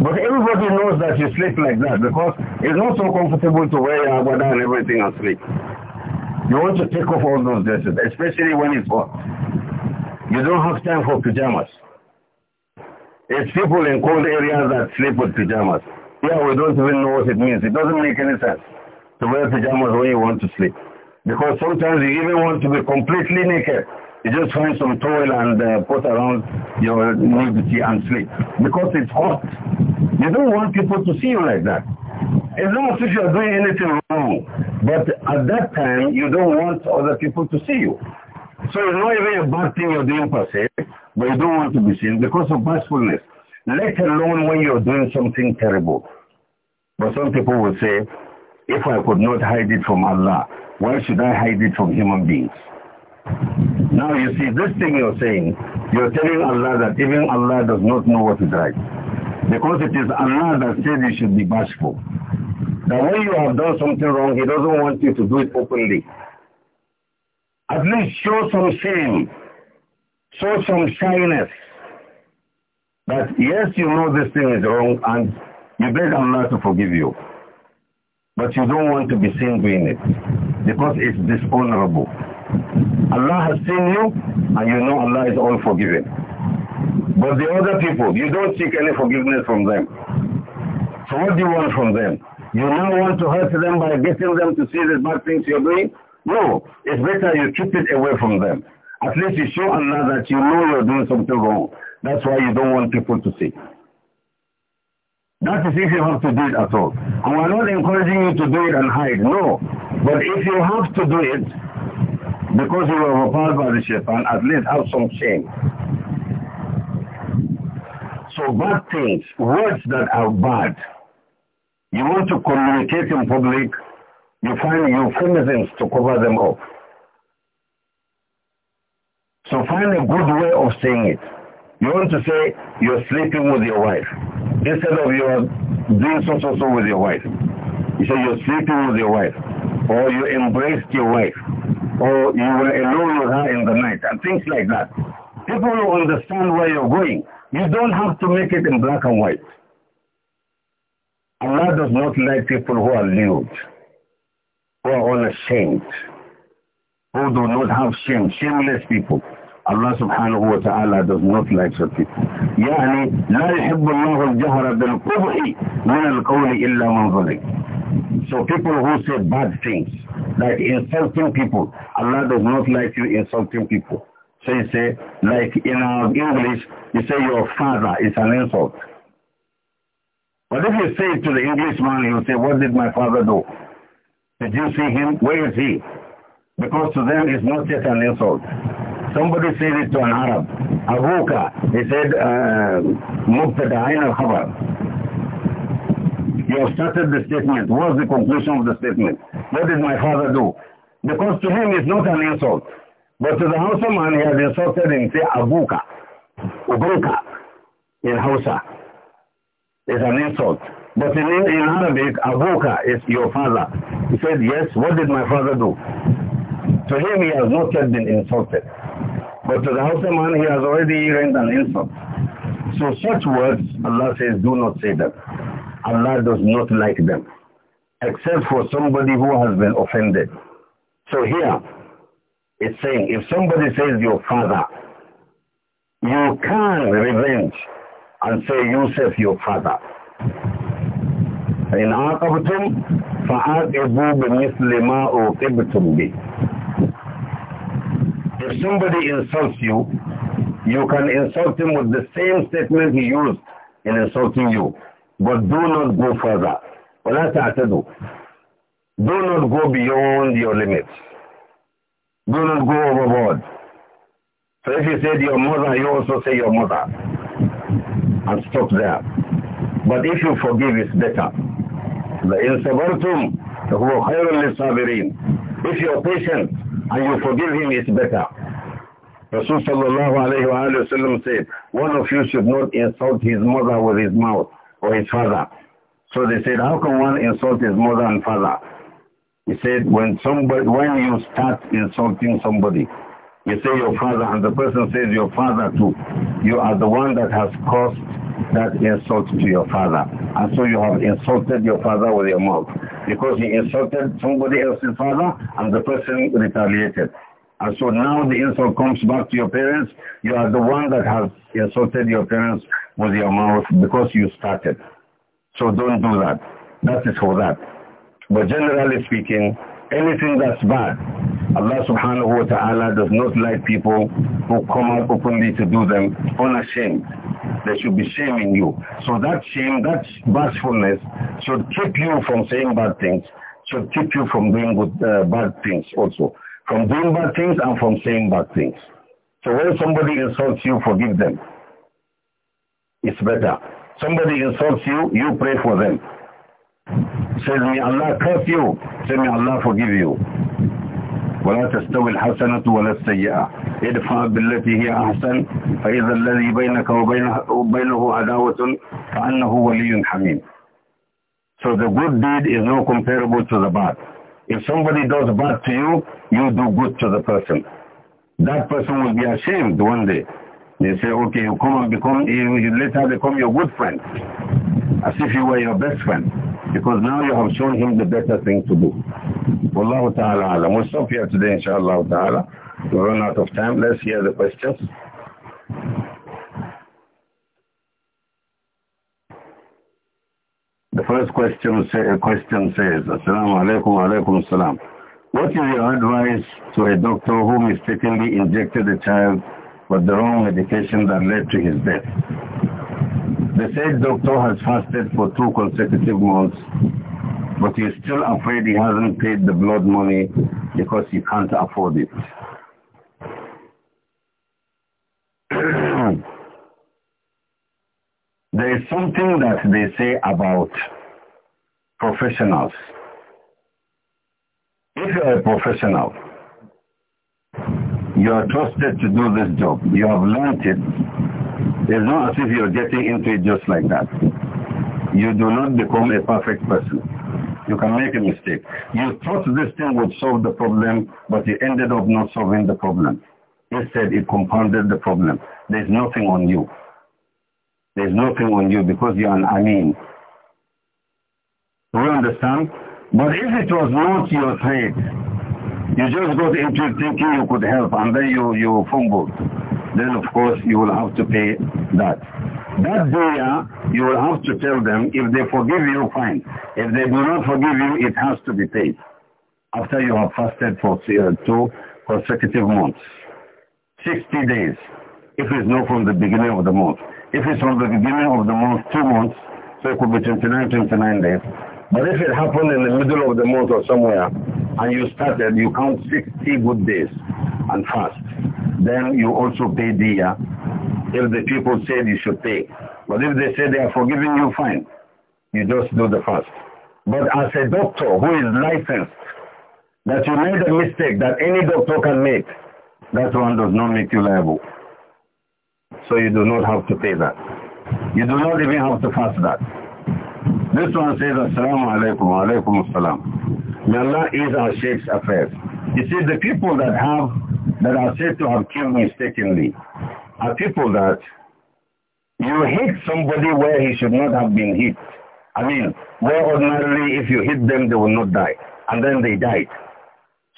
Speaker 1: But everybody knows that you sleep like that because it's not so comfortable to wear your underwear and everything and sleep. You want to take off all those dresses, especially when it's hot. You don't have time for pajamas. It's people in cold areas that sleep with pajamas. Yeah, we don't even know what it means. It doesn't make any sense to wear pajamas when you want to sleep. Because sometimes you even want to be completely naked. You just find some towel and uh, put around your nudity and sleep. Because it's hot. You don't want people to see you like that. It's not as if you're doing anything wrong. But at that time, you don't want other people to see you. So it's not even a bad thing you're doing per se, but you don't want to be seen because of bashfulness, let alone when you're doing something terrible. But some people will say, if I could not hide it from Allah, why should I hide it from human beings? Now you see, this thing you're saying, you're telling Allah that even Allah does not know what is right. Because it is Allah that said you should be bashful. That when you have done something wrong, He doesn't want you to do it openly. At least show some shame. Show some shyness. That yes, you know this thing is wrong and you beg Allah to forgive you. But you don't want to be seen doing it because it's dishonorable. Allah has seen you and you know Allah is all forgiving. But the other people, you don't seek any forgiveness from them. So what do you want from them? You now want to hurt them by getting them to see the bad things you're doing? No, it's better you keep it away from them. At least you show Allah that you know you're doing something wrong. That's why you don't want people to see. That is if you have to do it at all. And we're not encouraging you to do it and hide, no. But if you have to do it, because you were overpowered by the shaitan, at least have some shame. So bad things, words that are bad, you want to communicate in public, you find euphemisms to cover them up. So find a good way of saying it. You want to say you're sleeping with your wife. Instead of you're doing so, so, so with your wife. You say you're sleeping with your wife. Or you embraced your wife. Or you were alone with her in the night. And things like that. People will understand where you're going. You don't have to make it in black and white. Allah does not like people who are lewd who are ashamed. who do not have shame, shameless people. Allah subhanahu wa ta'ala does not like such people. يعني لا يحب الله الجهر بالقبح من القول إلا من ظلم. So people who say bad things, like insulting people, Allah does not like you insulting people. So you say, like in our English, you say your father is an insult. But if you say to the Englishman, you say, what did my father do? Did you see him? Where is he? Because to them it's not just an insult. Somebody said it to an Arab, Abuka. He said, uh, Mubtada Ayn al Khabar. You have started the statement. What's the conclusion of the statement? What did my father do? Because to him it's not an insult. But to the Hausa man, he has insulted him, say, Abuka, Ubuka, in Hausa. It's an insult. But in, in Arabic, Abuka is your father. He said, yes, what did my father do? To him, he has not yet been insulted. But to the houseman, man, he has already rained an insult. So such words, Allah says, do not say them. Allah does not like them, except for somebody who has been offended. So here, it's saying, if somebody says your father, you can revenge and say, Yusuf, your father. فإن عاقبتم فعاقبوا بمثل ما عوقبتم به If somebody insults you, you can insult him with the same statement he used in insulting you. But do not go further. ولا تعتدوا. Do not go beyond your limits. Do not go overboard. So if you said your mother, you also say your mother. And stop there. But if you forgive, it's better. لَإِنْ صَبَرْتُمْ هُوَ خَيْرٌ لِلصَّابِرِينَ If you're patient and you forgive him, it's better. Rasul sallallahu alayhi wa, alayhi wa sallam said, one of you should not insult his mother with his mouth or his father. So they said, how can one insult his mother and father? He said, when somebody, when you start insulting somebody, you say your father and the person says your father too, you are the one that has caused that insult to your father. And so you have insulted your father with your mouth. Because he insulted somebody else's father and the person retaliated. And so now the insult comes back to your parents. You are the one that has insulted your parents with your mouth because you started. So don't do that. That is for that. But generally speaking, anything that's bad Allah subhanahu wa ta'ala does not like people who come out openly to do them unashamed. They should be shaming you. So that shame, that bashfulness should keep you from saying bad things, should keep you from doing good, uh, bad things also. From doing bad things and from saying bad things. So when somebody insults you, forgive them. It's better. Somebody insults you, you pray for them. Says, may Allah curse you. Say, may Allah forgive you. ولا تستوي الحسنة ولا السيئة ادفع بالتي هي أحسن فإذا الذي بينك وبينه, عداوة فأنه ولي حميم So the good deed is no comparable to the bad. If somebody does bad to you, you do good to the person. That person will be ashamed one day they say, okay, you come and become, you, you later become your good friend, as if you were your best friend, because now you have shown him the better thing to do. Wallahu ta'ala alam. We'll stop here today, inshallah ta'ala. We run out of time. Let's hear the questions. The first question, say, question says, Assalamu alaikum alaikum salam. What is your advice to a doctor who mistakenly injected a child but the wrong medication that led to his death. The said doctor has fasted for two consecutive months, but he is still afraid he hasn't paid the blood money because he can't afford it. there is something that they say about professionals. If you are a professional, you are trusted to do this job. You have learnt it. It's not as if you're getting into it just like that. You do not become a perfect person. You can make a mistake. You thought this thing would solve the problem, but you ended up not solving the problem. Instead, it compounded the problem. There's nothing on you. There's nothing on you because you're an Amin. Do you understand? But if it was not your faith, you just got into thinking you could help and then you, you fumbled. Then of course you will have to pay that. That day uh, you will have to tell them, if they forgive you, fine. If they do not forgive you, it has to be paid. After you have fasted for uh, two consecutive months. 60 days, if it's not from the beginning of the month. If it's from the beginning of the month, two months, so it could be 29, 29 days. But if it happened in the middle of the month or somewhere, and you started, you count 60 good days and fast. Then you also pay the uh, if the people said you should pay. But if they say they are forgiving you, fine. You just do the fast. But as a doctor who is licensed, that you made a mistake that any doctor can make, that one does not make you liable. So you do not have to pay that. You do not even have to fast that. This one says, Assalamu alaikum alaikum assalam. May Allah is our sheikh's affairs. You see, the people that have, that are said to have killed mistakenly are people that you hit somebody where he should not have been hit. I mean, where ordinarily if you hit them, they will not die. And then they died.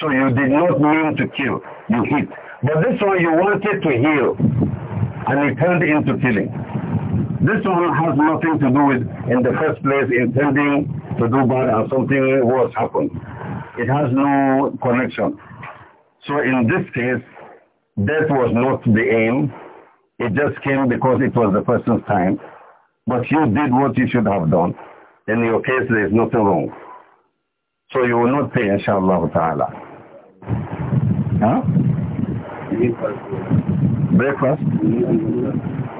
Speaker 1: So you did not mean to kill, you hit. But this one you wanted to heal, and it turned into killing. This one has nothing to do with, in the first place, intending to do bad and something worse happened. It has no connection. So in this case, death was not the aim. It just came because it was the person's time. But you did what you should have done. In your case, there is nothing wrong. So you will not pay, inshallah ta'ala. Huh? Breakfast? Breakfast?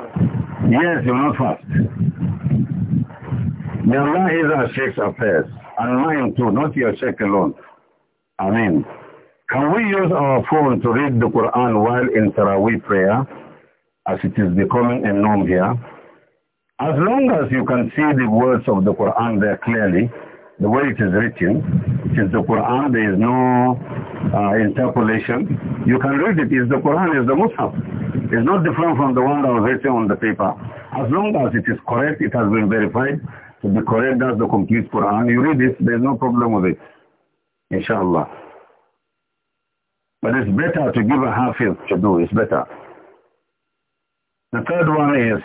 Speaker 1: Yes, you are not fast. The Allah is our Sheikh's affairs, and mine too, not your Sheikh alone. I mean, can we use our phone to read the Quran while in Taraweeh prayer, as it is becoming a norm here? As long as you can see the words of the Quran there clearly, the way it is written, which is the Quran, there is no uh, interpolation. You can read it. It's the Quran, it's the Muslim. It's not different from the one that was written on the paper. As long as it is correct, it has been verified to be correct. That's the complete Quran. You read it, there's no problem with it. Inshallah. But it's better to give a half to do. It's better. The third one is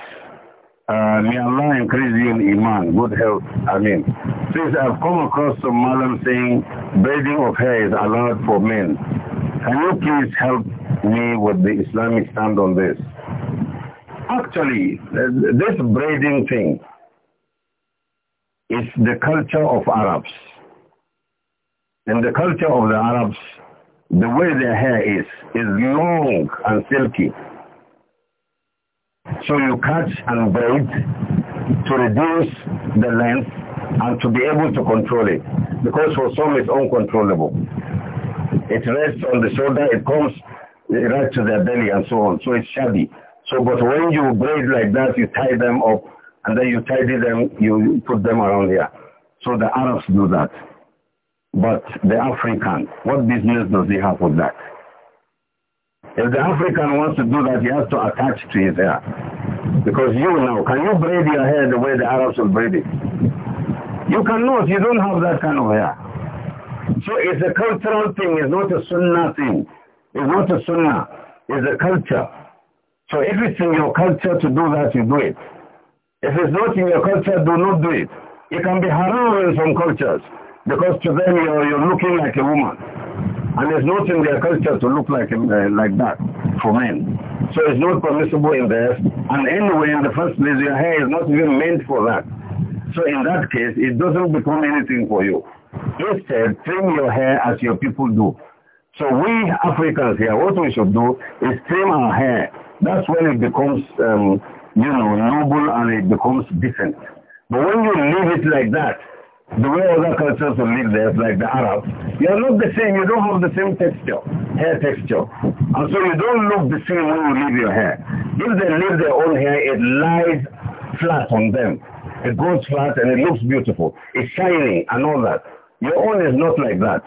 Speaker 1: uh, may Allah increase you in Iman, good health, I mean. I've come across some malam saying braiding of hair is allowed for men. Can you please help me with the Islamic stand on this? Actually, this braiding thing is the culture of Arabs. In the culture of the Arabs, the way their hair is, is long and silky. So you cut and braid to reduce the length and to be able to control it. Because for some it's uncontrollable. It rests on the shoulder, it comes right to their belly and so on. So it's shabby. So but when you braid like that, you tie them up and then you tidy them, you put them around here. So the Arabs do that. But the African, what business does he have with that? If the African wants to do that, he has to attach to his hair. Because you know, can you braid your hair the way the Arabs will braid it? You cannot, you don't have that kind of hair. So it's a cultural thing, it's not a sunnah thing. It's not a sunnah, it's a culture. So if it's in your culture to do that, you do it. If it's not in your culture, do not do it. It can be haram in some cultures because to them you're, you're looking like a woman. And it's not in their culture to look like, uh, like that for men. So it's not permissible in there. And anyway, in the first place, your hair is not even meant for that. So in that case, it doesn't become anything for you. Instead, trim your hair as your people do. So we Africans here, what we should do is trim our hair. That's when it becomes, um, you know, noble and it becomes decent. But when you leave it like that, the way other cultures will live there, like the Arabs, you are not the same, you don't have the same texture, hair texture. And so you don't look the same when you leave your hair. If they leave their own hair, it lies flat on them. It goes flat and it looks beautiful. It's shiny and all that. Your own is not like that.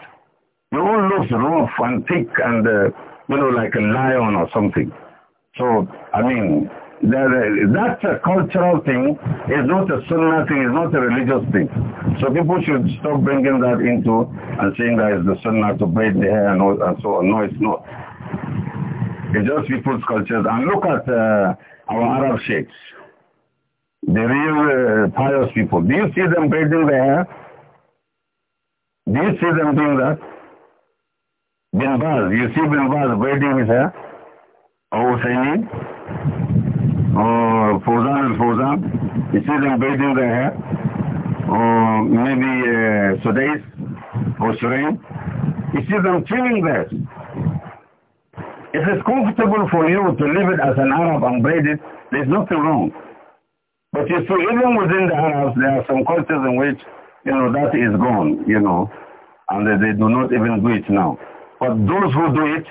Speaker 1: Your own looks rough and thick and, uh, you know, like a lion or something. So, I mean, that's a cultural thing. It's not a sunnah thing. It's not a religious thing. So people should stop bringing that into and saying that it's the sunnah to braid the hair and, all, and so on. No, it's not. It's just people's cultures. And look at uh, our Arab sheikhs, the real uh, pious people. Do you see them braiding their hair? Do you see them doing that? Bin Baz, you see Bin Baz braiding his hair? Oh, Hussein? और फौजा अल्फौजा इसी दिन भेज गए हैं और मे or Sudais और सुरैन them chilling there. If It is comfortable for you to live it as an Arab and braid it. There's nothing wrong. But you see, even within the Arabs, there are some cultures in which, you know, that is gone, you know, and they do not even do it now. But those who do it,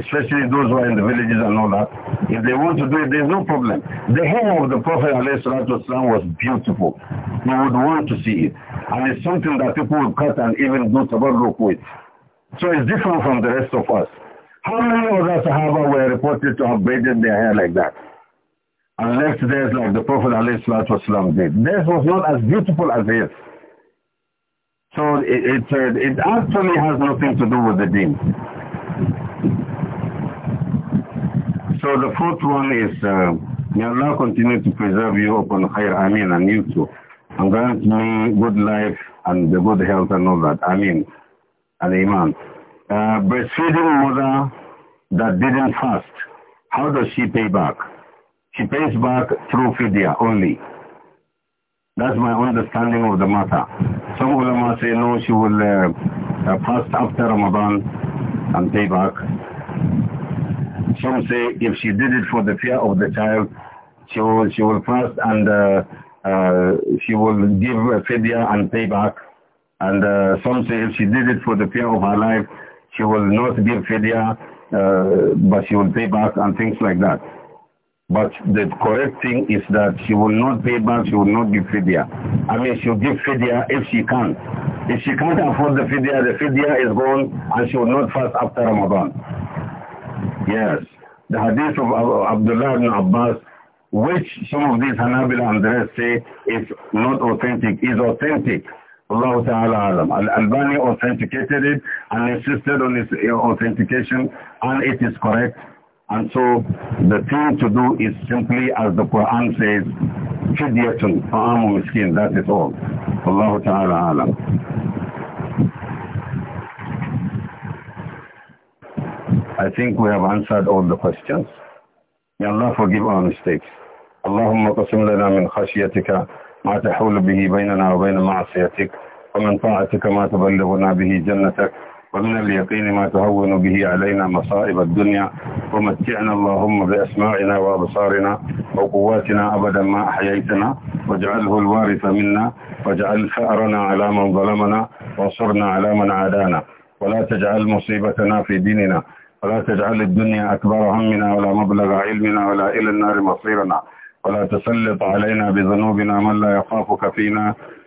Speaker 1: especially those who are in the villages and all that, if they want to do it, there's no problem. The home of the Prophet ﷺ was beautiful. You would want to see it. And it's something that people would cut and even do tabarruk with. So it's different from the rest of us. How many of the Sahaba were reported to have braided their hair like that? And left theirs like the Prophet ﷺ did. Theirs was not as beautiful as his. So it, it, it actually has nothing to do with the deen. So the fourth one is, uh, may Allah continue to preserve you upon khair, ameen, and you too. And grant me good life and the good health and all that, amin. and iman. Uh, breastfeeding mother that didn't fast, how does she pay back? She pays back through fidya only. That's my understanding of the matter. Some ulama say no, she will uh, uh, fast after Ramadan and pay back. Some say if she did it for the fear of the child, she will, she will fast and uh, uh she will give a fidya and pay back. And uh, some say if she did it for the fear of her life, she will not give fidya, but she will pay back and things like that. But the correct thing is that she will not pay back, she will not give fidya. I mean, she'll give fidya if she can. If she can't afford the fidya, the fidya is gone and she will not fast after Ramadan. Yes. The hadith of Abdullah ibn Abbas, which some of these Hanabila and the rest say is not authentic, is authentic. Allah Ta'ala Alam. Al Albani authenticated it and insisted on its uh, authentication and it is correct. And so the thing to do is simply, as the Quran says, fidyatun, fa'amu miskin, that is all. Allah Ta'ala alam. I think we have answered all the questions. May Allah forgive our mistakes. اللهم min لنا ma خشيتك bihi تحول به bayna وبين wa min ta'atika ma تبلغنا به جنتك ومن اليقين ما تهون به علينا مصائب الدنيا ومتعنا اللهم بأسماعنا وأبصارنا وقواتنا أبدا ما أحييتنا واجعله الوارث منا واجعل ثأرنا على من ظلمنا وانصرنا على من عادانا ولا تجعل مصيبتنا في ديننا ولا تجعل الدنيا أكبر همنا ولا مبلغ علمنا ولا إلى النار مصيرنا ولا تسلط علينا بذنوبنا من لا يخافك فينا